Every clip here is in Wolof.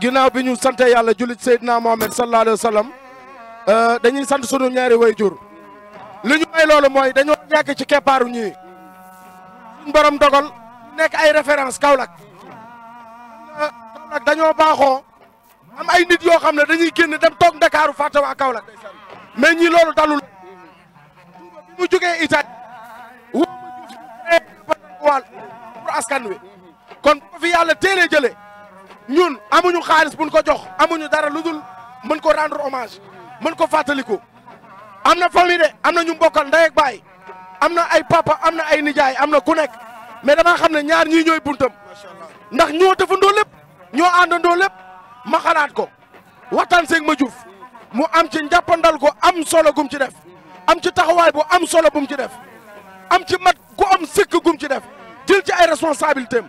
ginnaaw bi ñu santee yàlla julit Seydina Mohamed sallallahu alayhi wa sallam euh, dañuy sant sunu ñaari wayjur li ñu may loolu mooy dañoo nekk ci keppaaru ñii suñ borom dogal nekk ay référence euh, Kaolack dañoo baaxoo am ay nit yoo xam ne dañuy génn dam toog Ndakaaru fàtte waa Kaolack mais ñii loolu dalul bi mu jógee Italie wóobu askan wi kon bu yàlla téelee jëlee ñun amuñu xaalis buñ ko jox amuñu dara lu mën ko rendre hommage mën ko fàttaliku am na famille am na ñu mbokkal ndey ak am na ay papa am na ay nijaay am na ku nekk mais damaa xam ne ñaar ñii ñooy buntam ndax ñoo defandoo lépp ñoo àndandoo lépp ma xalaat ko waxtaan seeg ma juuf mu am ci njàppandal ko am solo gum ci def am ci taxawaay bu am solo bu ci def am ci mat gu am sëkk gum ci def jël ci ay responsabilités am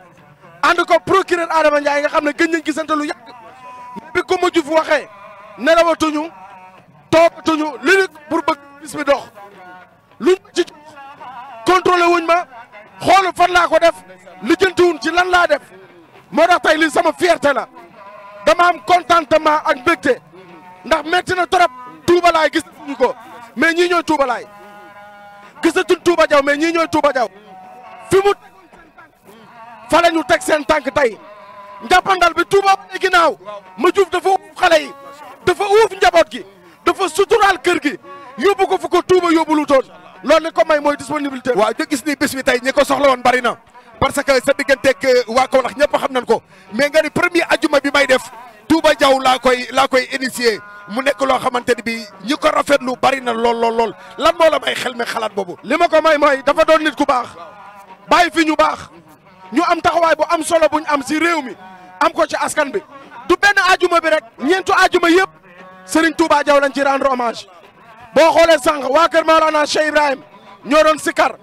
ànd ko procureur Adama Ndiaye nga xam ne gëj nañ gisante lu yàgg bi ko ma juf waxee nelawatuñu toogatuñu li ñu pour bëgg bis bi dox luñ ci contrôlé wuñ ma xoolu fan laa ko def lijjantiwuñ ci lan laa def moo tax tey lii sama fierté la dama am contentement ak mbégte ndax metti na trop tuubalaay gisatuñu ko mais ñii ñooy tuubalaay gisatuñ tuuba jaw mais ñii ñooy tuuba jaw fi fa la ñu teg seen tànk tey njàppandal bi Touba wane ginaaw ma juuf dafa uuf xalé yi dafa uuf njabot gi dafa sutural kër gi yóbbu ko fu ko Touba yóbbu lu toon loolu ko may moy disponibilité wa ñu gis ni bés bi tay ñi ko soxla woon bari na parce que sa digganteeg euh, waa Kaolack ñëpp xam nañ ko mais nga ni premier aljuma bi may def Touba jaw la koy la koy initier mu nek lo xamanteni bi ñi ko rafetlu bari na lool lool lool lan moo la may xel mi xalaat boobu. li may moy dafa don nit ku baax bay fi ñu baax. ñu am taxawaay bu am solo buñ am si réew mi am ko ci askan bi du benn ajuma bi rek ñeentu ajuma yëpp Serigne Touba Diaw lañ ci rendre hommage boo xoolee sànq waa kër Maolana Cheikh Ibrahim ñoo doon sikkar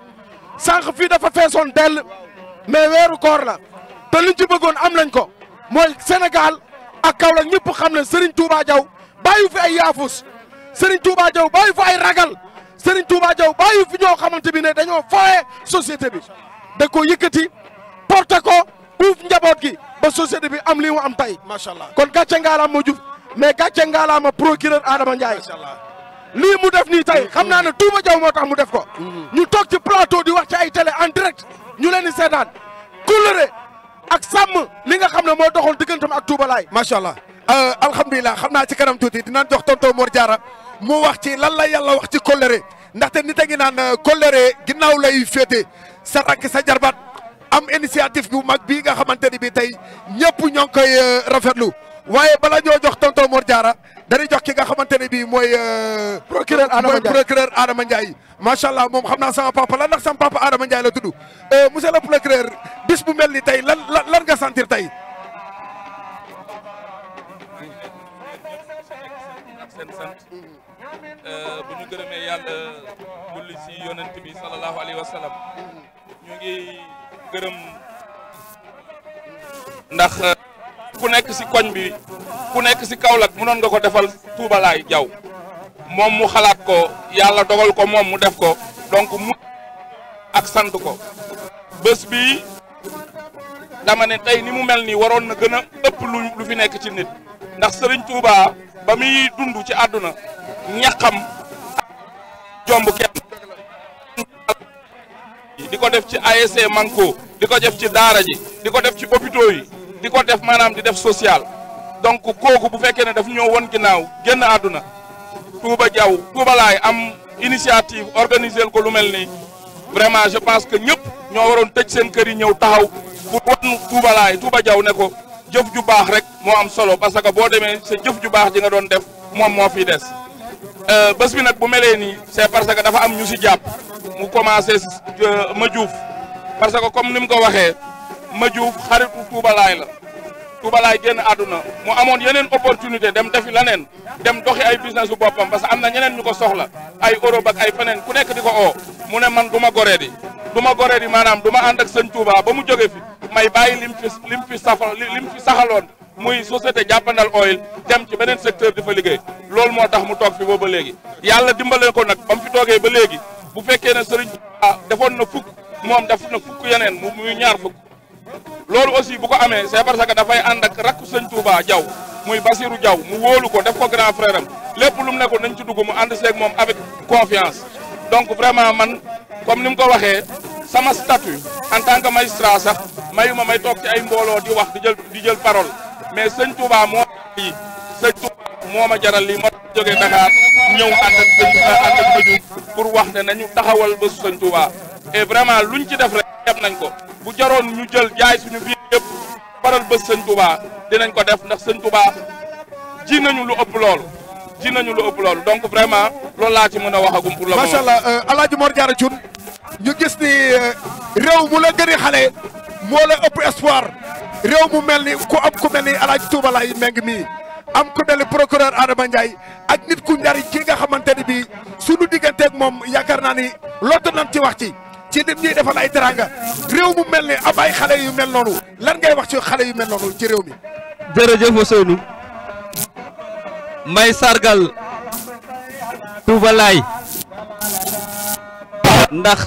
sànq fii dafa feesoon dell mais weeru koor la te liñ ci bëggoon am nañ ko mooy Sénégal ak Kaolack ñëpp xam ne Serigne Touba Diaw bàyyi fi ay yaafus Serigne Touba Diaw bàyyi fi ay ragal Serigne Touba Diaw bàyyi fi ñoo xamante bi ne dañoo fooye société bi da ko yëkkati. porté ko uuf njaboot gi ba société bi am lii mu am tey. macha allah kon gàcce ngaalaama Diouf mais gàcce ma procureur Adama Ndiaye. allah lii mu def nii tey mm-hmm. xam naa ne Touba Diaw moo tax mu def ko. Mm-hmm. ñu toog ci plateau di wax ci ay télé en direct ñu leen di seetaan kulere ak sàmm li nga xam ne moo doxoon diggantam ak Touba Laay. macha allah euh, alhamdulilah xam naa ci kanam tuuti dinaan jox tonton Mor Diarra mu wax ci lan la yàlla wax ci kolere ndaxte nit a ngi naan euh, kolere ginnaaw lay féete sa rakk sa jarbaat. am initiative bu mag bi nga xamante ni bii tey ñëpp ñoo ngi koy euh, rafetlu waaye bala ñoo jox tonton Mor Diarra dañuy jox ki nga xamante ne bii mooy. Euh, procureur Adama Ndiaye mooy allah moom xam naa sama papa lan ndax sama papa Adama Ndiaye la tudd euh, monsieur procureur bis bu mel ni tey lan lan nga sentir tey. seen sant gërëm ndax euh, ku nekk ci koñ bi ku nekk ci kawlak mu mënoon nga ko defal Touba Laye moom mu xalaat ko yàlla dogal ko moom mu def ko donc mu ak sant ko bés bi dama ne tey ni mu mel nii waroon na gën a ëpp lu fi nekk ci nit ndax Serigne Touba ba muy dund ci àdduna ñaxam jomb kenn di ko def ci ASC Manko di ko def ci daara ji di ko def ci hôpitaux yi di ko def maanaam di def social donc kooku bu fekkee ne daf ñoo won ginnaaw génn àdduna Touba Diaw Touba laay am initiative organiser ko lu mel nii vraiment je pense que ñëpp ñoo waroon tëj seen kër yi ñëw taxaw pour won Touba laay Touba ne ko jëf ju baax rek moo am solo parce que boo demee sa jëf ju baax ji nga doon def moom moo fi des Euh, bés bi nag bu melee nii c'est parce que dafa am ñu si jàpp mu commencé euh, ma Diouf parce que comme ni mu ko waxee ma Diouf xaritu tuubalaay la tuubalaay génn àdduna mu amoon yeneen opportunité dem defi leneen dem doxi ay business su boppam parce que am na ñeneen ñu ko soxla ay Europe ak ay feneen ku nekk di ko o mu ne man du ma goree di du ma goree di maanaam du ma ànd ak sëñ Touba ba mu jóge fi may bàyyi lim fi lim fi muy société jàppandal oil dem ci beneen secteur di fa liggéey loolu moo tax mu toog fi booba léegi yàlla dimbale ko nag ba mu fi toogee ba léegi bu fekkee ne sëriñ ah defoon na fukk moom def na fukk yeneen mu muy ñaar fukk loolu aussi bu ko amee c'est parce que dafay ànd ak rakku sëñ Touba Diaw muy Basirou Diaw mu wóolu ko def ko grand frère am lépp lu mu ne ko nañ ci dugg mu ànd seek moom avec confiance donc vraiment man comme ni mu ko waxee sama statut en tant que magistrat sax mayuma may toog ci ay mbooloo di wax di jël di jël parole mais sëñ Touba moo lii sëñ Touba ma jaral lii ma joge Dakar ñëw ànd ak sëñ ànd ak sëñu pour wax ne nañu taxawal bésu sëñ Touba et vraiment luñ ci def rek dem nañ ko bu jaroon ñu jël jaay suñu biir yëpp faral bés sëñ Touba dinañ ko def ndax sëñ Touba ji nañu lu ëpp lool ji nañu lu ëpp loolu donc vraiment loolu laa ci mën a waxagum pour la moment. macha allah El euh, Hadj Mor Diarra Thioune ñu gis ni euh, réew mu la gën a xale. moo la ëpp espoir réew mu mel ni ku am ku mel ni El Hadj Touba Laye Mbengue mii am ku mel ni procureur Adama Ndiaye ak nit ku ñaari ki nga xamante ni bii sunu digganteeg moom yaakaar naa ni lott nañ ci wax ci ci lim ñuy defal ay teranga réew mu mel ni am ay xale yu mel noonu lan ngay wax ci xale yu mel noonu ci réew mi. jërëjëf Ousseynou may sargal Touba ndax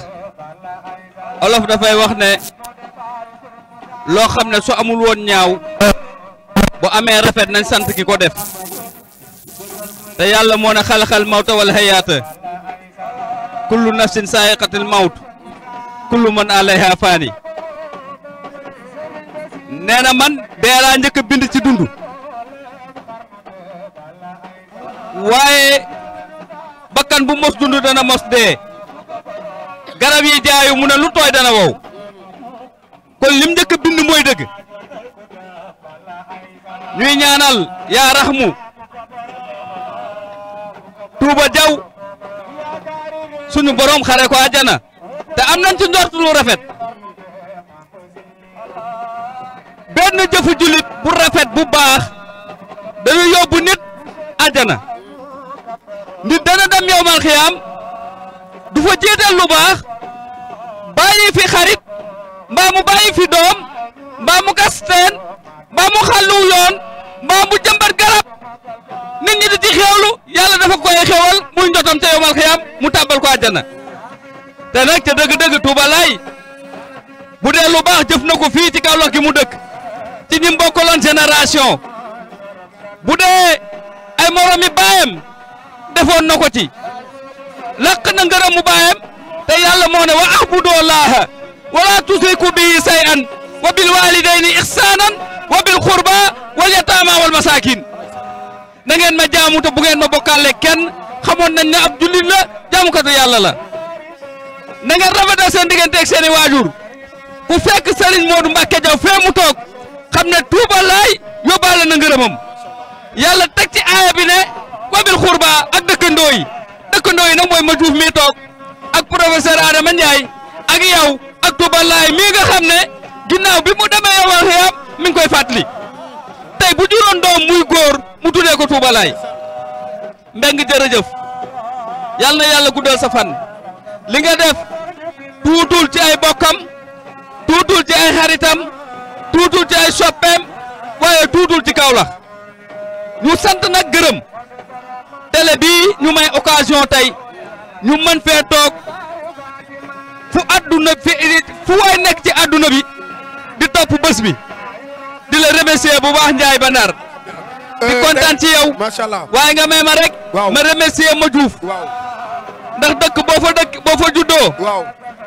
olof dafay wax ne. loo xam ne su amul woon ñaaw bu amee rafet nañ sant ki ko def te yàlla moo na xalaxal mawta wal hayaata kullu nafsin saayiqatil mawt kullu man alayha faani na man dee laa njëkk a bind ci dund waaye bakkan bu mos dund dana mos dee garab yi jaayu mu ne lu tooy dana wow kon lim njëkk a bind mooy dëgg ñuy ñaanal yaa raxmu tuuba jaw suñu borom xare ko àjjana te am nañ ci njort rafet benn jëfu jullit bu rafet bu baax dañu yóbbu nit àjjana nit dana dem yowmal xiyaam du fa jiital lu baax bàyyi fi xarit Bamu mu bàyyi fi kasten, bamu mu bamu teen mbaa mu xàllu yoon mbaa mu jëmbat garab nit ñi di xewlu yalla dafa koy xewal muy njotam te yowal xiyam mu tabal ko aljana te nak ca deug deug Touba lay bu de lu bax def na fi ci kawlo gi mu dëkk ci ñi mbokkaloon generation bu de ay morami bayam defon nako ci lak na ngeeram mu bayam te yalla mo ne wa ahbudu Allah. ولا تشركوا به شيئا وبالوالدين احسانا وبالقربى واليتامى والمساكين دا نين ما جامو تو بوغين ما بوكال كين خمون نان ني عبد الله جامو كاتو يالا لا دا نين رافدا سين ديغنتك سين واجور كو فك سيرين مودو مباكي جاو فيمو توك خامنا توبا لاي يوبال نا غرمم يالا تك سي ايا بي ني وبالقربى اك دكندوي دكندوي نا موي ما جوف مي توك اك بروفيسور ادم نياي اك ياو Ba Laay mii nga xam ne ginnaaw bi mu demee yowal xiyaam mi ngi koy fàttali tey bu juróon doom muy góor mu tuddee ko Touba Laay Mbengue jërëjëf yal na yàlla guddal sa fan li nga def tuutul ci ay bokkam tuutul ci ay xaritam tuutul ci ay soppeem waaye tuutul ci kaw la ñu sant nag gërëm télé bii ñu may occasion tey ñu mën fee toog fu àdduna fi fu waay nekk ci àdduna bi di topp bés bi di la remercier bu baax Ndiaye ba Ndar euh, di kontaan ci yow waaye nga may ma rek ma remercier ma Diouf ndax dëkk boo fa dëkk boo fa juddoo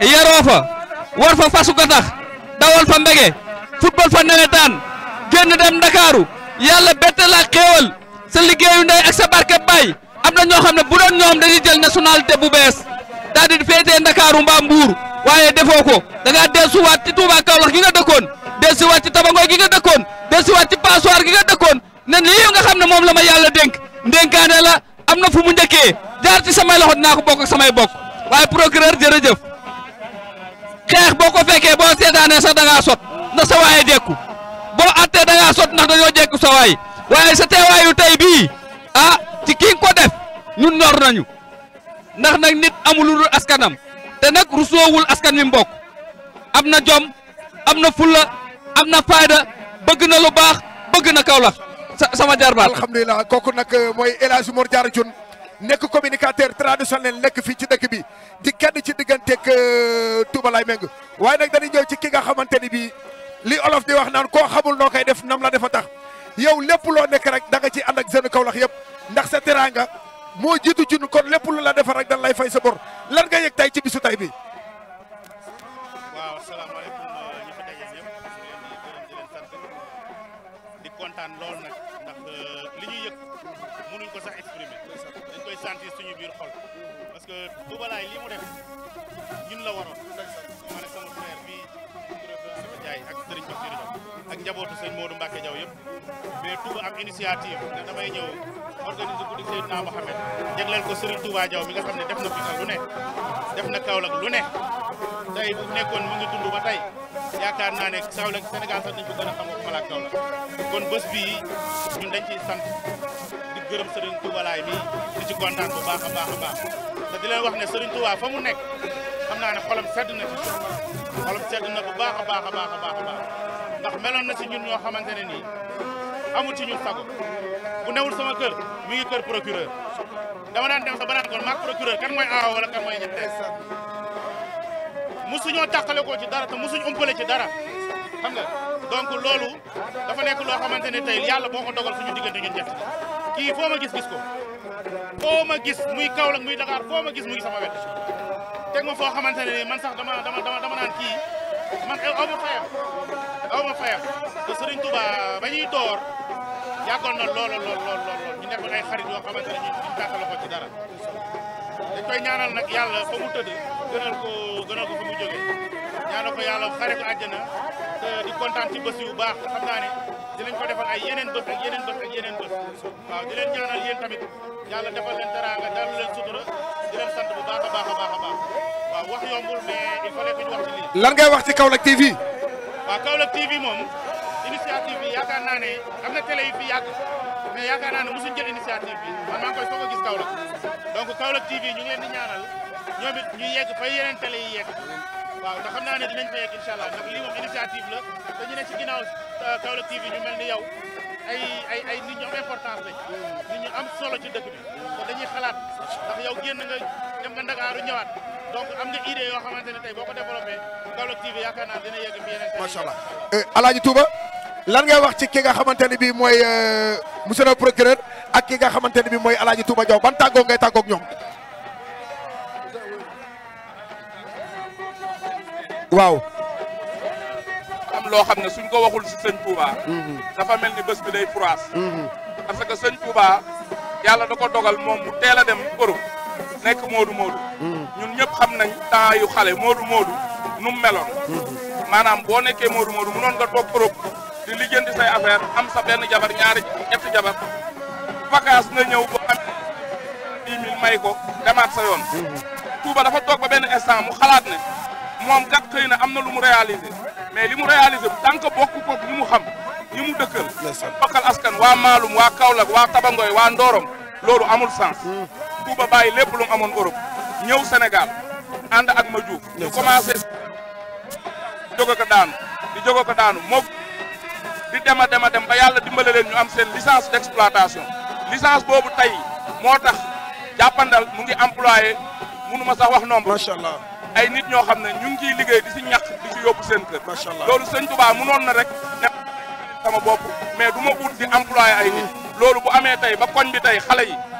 yaroo fa war fa fasu ko tax dawal fa mbege football fa nawetaan génn dem Ndakaaru yàlla bette la xéewal sa liggéeyu ndey ak sa barke bay am na ñoo xam ne bu doon ñoom dañuy jël nationalité bu bees dadi fete dire féetee Ndakaaru waye defoko daga desu ko da ngaa ci Touba Kaolack gi nga desu desu ci tabango gi nga dëkkoon dellusiwaat ci Passoir gi nga dekon ne lii nga xamne mom lama yalla denk denkane la amna fu mu ndeke jaar ci samay loxot nako bok ak samay bok waye procureur jere xeex xex boko fekke bo setané sa da sot na sa waye jekku bo da sot nak dañu jekku sa waye waye sa téwayu tay bi ah ci ki ko def ñun ñor nañu ndax nag nit amul lu dul askanam te nag rusoowul askan wi mbokk am na jom am na fulla am na fayda bëgg na lu baax bëgg na Kaolack sama jarbaat alhamdulilah kooku nag euh, mooy El Hadj Mor Diarra Dioune nekk communicateur traditionnel nekk fii ci dëkk bi di kenn ci digganteeg euh, Touba lay méng waaye nag dañuy ñëw ci ki nga xamante ni bii li olof di wax naan koo xamul noo koy def nam la dafa tax yow lépp loo nekk rek da nga ci ànd ak jeune Kaolack yëpp ndax sa teraanga moo jiitu ci kon lépp lu la defar rek dan lay fay sa bor lan nga yëg tay ci bisu tay bi. waaw salaamaaleykum ñi fi daje ñëpp di kontaan lool nag ndax euh, li ñuy yëg mënuñ ko sax exprimer dañ koy sentir suñu biir xol parce que Touba Laye li mu def ñun la waroon. man sama frère bi Touré Ba Ndiaye ak Serigne Bakir ak njabootu sëñ Modou Mbacke Diaw yëpp mais Touba am initiative ne damay ñëw organiser guddi Seydina Mohamed jagleel ko Serigne Touba mi nga xam ne def na Fika ne def na Kaolack lu ne tey bu nekkoon mu ngi dund ba tey yaakaar naa ne Kaolack Sénégal sax dañ a xam dañ ciy sant di gërëm Serigne Touba laay di ci kontaan bu mu nekk xam naa ne xolam sedd na ci na bu baax baax a baax a baax a baax ndax meloon na si ñun ñoo xamante ne nii amul ci ñun sago bu newul sama kër mi ngi kër procureur dama daan dem sa ba naan kon maag procureur kan mooy aaw wala kan mooy ñetteel musuñoo tàqale ko ci dara te musuñ umpale ci dara xam nga donc loolu dafa nekk loo xamante ne tey yàlla boo ko dogal suñu diggante ñun ñett kii foo ma gis gis ko foo ma gis muy Kaolack muy Dakar foo ma gis muy sama wet teg ma foo xamante ne man sax dama da dama dama naan kii aw ma fayam te Serigne Touba ba ñuy door na lool lool lool lool ñu nekkoon ay xarit yoo xamante ñu ñu tàggatoo ko ci dara dañ koy ñaanal nak yàlla fa mu tëdd gënal ko gënal ko fa mu jógee ñaanal ko yàlla te di kontaan ci bés yu baax xam naa ne dinañ ko defal ay yeneen bés ak yeneen bés ak yeneen bés waaw di leen ñaanal yéen tamit yàlla defal leen teraanga daal leen sutura di leen sant bu baax a baax baax waaw wax yombul mais il fallait ñu wax ci lan ngay wax ci TV. waaw Kaolack TV moom initiative bi yaakaar naa ne am na télé yi fi yàgg mais yaakaar naa ne mosuñ jël initiative bi man maa ngi koy soog a gis Kaolack donc Kaolack TV ñu ngi leen di ñaanal ñoom it ñu yegg fay yeneen télé yi yegg waaw ndax xam naa ne dinañ fa yegg incha allah ndax lii moom initiative la te ñu ne ci ginnaaw euh, Kaolack TV ñu mel ni yow ay ay nit ñu am importance lañ nit ñu am solo ci dëkk bi te dañuy xalaat ndax yow génn nga dem nga Ndakaaru ñawaat donc am nga idée yoo xamante ne tey boo ko développé Kaolack eh, Alaaji Touba lan ngay wax ci ki nga xamante ne bii mooy euh, monsieur le procureur ak ki nga xamante ne bii mooy Alaaji Touba Diaw ban tàggoo ngay tàggoog ñoom. waaw. am loo xam ne suñ ko waxul si sëñ Touba. Mm-hmm. dafa mel ni bés bi day froisse. Mm-hmm. que sëñ Touba yàlla da ko dogal moom mu teel dem Europe. nekk Modou Modou. ñun ñëpp xam nañ temps yu xale Modou Modou nu mu meloon. maanaam boo nekkee Modou Modou mënoon nga toog Europe di lijjanti say affaire am sa benn jabar ñaari ñetti jabar vacance nga ñëw ba am dix mille may ko demaat sa yoon. Touba dafa toog ba benn instant mu xalaat ne moom kat xëy na am na lu mu réalisé mais li mu réalisé tant que bokk ko ñi mu xam ñi mu dëkkal. bokkal askan waa Maalum waa Kaolack waa Tabangoy waa Ndorong loolu amul sens. Bouba bàyyi lépp lu amoon Europe ñëw Sénégal ànd ak ma Diouf commencé di jóg ko daanu di jóg ko daanu di dem a dem a dem ba yàlla dimbale leen ñu am seen licence d'exploitation licence boobu tey moo tax jàppandal mu ngi employé mënu ma sax wax nombre macha allah ay nit ñoo xam ne ñu ngi ciy liggéey di si ñàkk di si yóbbu seen kër macha allah loolu sëñ Touba mënoon na rek ne sama boobu mais du ma ut di employé ay nit loolu bu amee tey ba koñ bi tey xale yi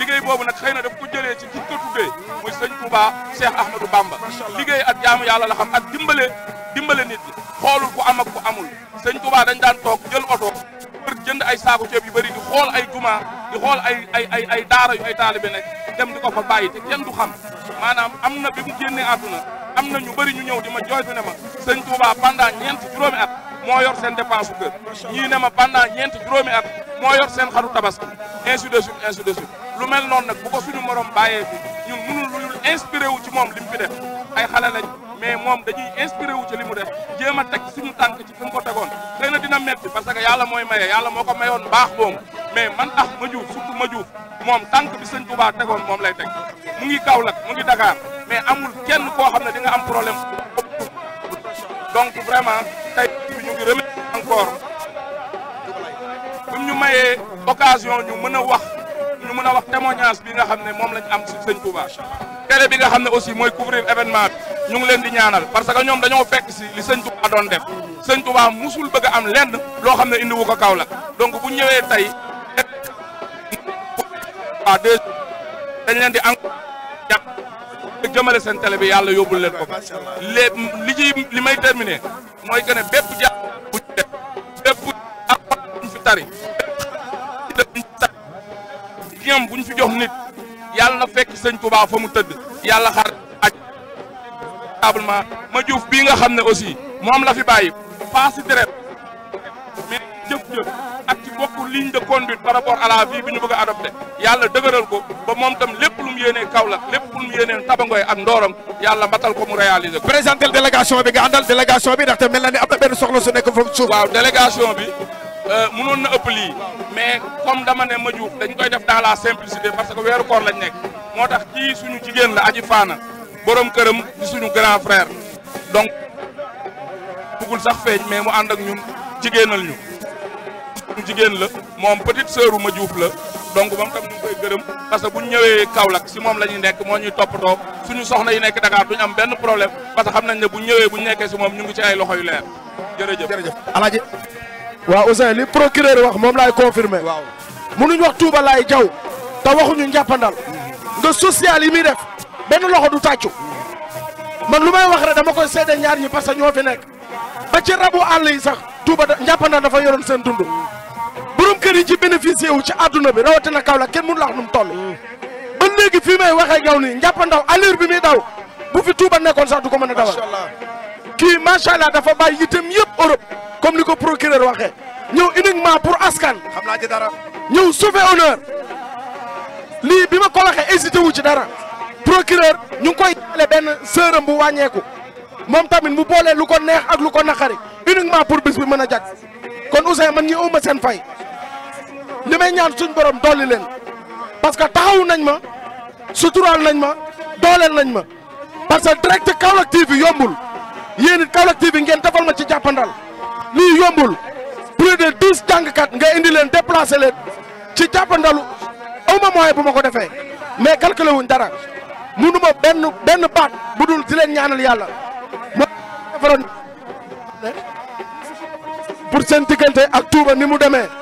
liggéey boobu nag xëy na def ko jëlee ci ki ko tuddee muy sëñ Touba Cheikh Ahmadou Bamba liggéey ak jaamu yàlla la xam ak dimbale dimbale nit ñi xoolul ku am ak ku amul sëñ Touba dañ daan toog jël oto pour jënd ay saaku ceeb yu bëri di xool ay juma di xool ay ay ay ay daara yu ay taalibe nekk dem di ko fa bàyyi te kenn du xam maanaam am na bi mu génnee àdduna am na ñu bëri ñu ñëw di ma jooytu ne ma sëñ Touba pendant ñeent juróomi at moo yor seen dépense kër ñii ne ma pendant ñeent juróomi at moo yor seen xaru tabaski ainsi de suite ainsi de suite lu mel noonu nag bu suñu morom bàyyee fi ñun mënul lu wu ci moom li mu fi def ay xale lañ mais moom dañuy inspiré wu ci li mu def jéem a teg suñu tànk ci fi mu ko tegoon xëy na dina metti parce que yàlla mooy maye yàlla moo ko mayoon baax boobu mais man tax ma juuf surtout ma juuf moom tànk bi sëñ tegoon moom lay teg mu ngi Kaolack mu ngi Dakar mais amul kenn koo xam ne di nga am problème donc vraiment tey ñu ngi remercier encore buñ ñu mayee occasion ñu mën a wax ñu mën a wax témoignage bi nga xam ne moom lañ am si sëñ Touba télé bi nga xam ne aussi mooy couvrir événement bi ñu ngi leen di ñaanal parce que ñoom dañoo fekk si li sëñ Touba doon def sëñ Touba musul bëgg a am lenn loo xam ne indi wu ko kaw la donc bu ñëwee tey dañ leen di encouragé jëmale seen télé bi yàlla yóbbul leen ko lépp li ci li may terminé mooy que ne bépp jàpp bu ñu def bépp bu ñu fi tari ñam bu ñu fi jox nit yàlla na fekk sëñ Touba fa mu tëdd yàlla xaar aj probablement ma Diouf bii nga xam ne aussi moom la fi bàyyi pas jëf-jëf ak ci bokk ligne de conduite par rapport à la vie bi ñu bëgg a adopté yàlla dëgëral ko ba moom tam lépp lu mu yéenee Kaolack lépp lu mu yéenee Tabangoy ak Ndorong yàlla matal ko mu réaliser ko. présenté délégation bi nga àndal délégation bi ndaxte mel na ni am na benn soxla su nekk foofu suuf. waaw délégation bi euh, mënoon na ëpp lii mais comme dama ne ma juuf dañ koy def dans la simplicité parce que weeru koor lañ nekk moo tax kii suñu jigéen la aji faana borom këram suñu grand donc bëggul sax mais mu ànd ak ñun jigéenal ñu. bu jigéen la moom petite sœur ma Diouf la donc moom tam ñu ngi koy gërëm parce que bu ñu ñëwee Kaolack si moom la nekk moo ñuy toppatoo suñu soxna yi nekk Dakar duñu am benn problème parce que xam nañ ne bu ñu ñëwee bu ñu nekkee si moom ñu ngi ci ay loxo yu leer jërëjëf. jërëjëf Alaaji waaw Ousseyn li procureur wax moom laay confirmé. waaw wax Touba Laye Diaw te waxuñu njàppandal mm-hmm. nga social yi muy def benn loxo du tàccu man lu may wax rek dama koy seede ñaar ñi parce ñoo fi nekk kër ci bénéficié wu ci àdduna bi rawatina kenn mënu la wax nu mu toll. ba léegi fii may waxee gaw bi muy daw bu fi Touba nekkoon sax du ko mën a dawal. kii macha allah dafa bàyyi itam yëpp Europe comme li ko procureur waxee ñëw uniquement pour askan. xam naa ci dara ñëw sauver honneur lii bi ma ko waxee hésité wu ci dara procureur ñu ngi koy taale benn sërëm bu wàññeeku moom tamit mu boole lu ko neex ak lu ko naqari uniquement pour bis bi mën a jag kon Ousseyn man ñi uma seen fay. li may ñaan suñ borom dolli leen parce que taxawu nañ ma suturaal nañ ma dooleel nañ ma parce que direct Kaolack yombul yéen it Kaolack ngeen defal ma ci jàppandal lii yombul plus de dix jàngkat nga indi leen déplacé leen ci jàppandalu awma moyen bu ma ko defee mais calculé wuñ dara munu ma benn benn baat bu dul di leen ñaanal yàlla ma defaroon pour seen diggante ak Touba ni mu demee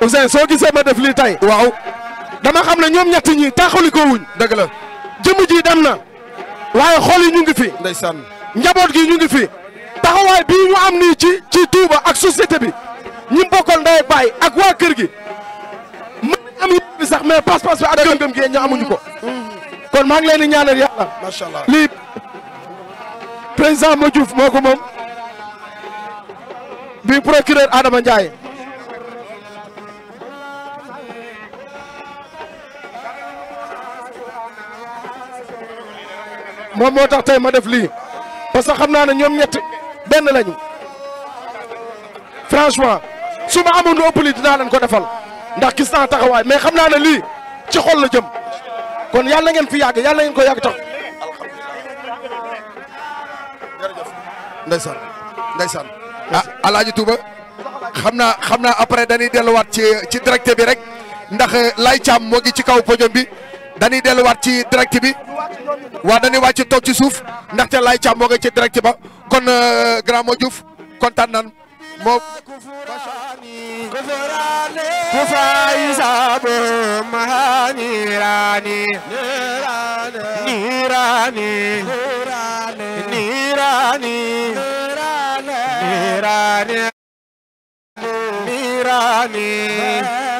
Ousseyn soo gisee ma def lii tey waaw dama xam ne ñoom ñett ñi taaxalikoo wuñ dëgg la jëmm ji dem na waaye xol yi ñu ngi fi ndeysaan njaboot gi ñu ngi fi taxawaay bii ñu am nii ci ci Touba ak société bi ñi bokkal ndey ak ak waa kër gi mën am bi sax mais pas-pas bi ak gëm-gëm gi ñu amuñu ko kon maa ngi leen di ñaanal yàlla macha allah lii président Modou Diouf moo ko moom bi procureur Adama Ndiaye moom moo tax tey ma def lii parce que xam naa ne ñoom ñett benn lañu franchement su ma amoon lu ëpp lii dinaa leen ko defal ndax gis naa taxawaay mais xam naa ne lii ci xol la jëm kon yàlla ngeen fi yàgg yàlla ngeen ko yàgg tax. ndeysaan ndeysaan ah alaaji xam naa xam naa après dañuy delluwaat ci ci direct bi rek ndax lay caam moo ngi ci kaw podium bi dañuy delluwaat ci direct bi. Wadani dañuy wàcc toog ci suuf ndaxte lay càmm nga ci direct ba kon grand moo Diouf nan moo كفاي صاب مها نيراني نيراني نيراني نيراني نيراني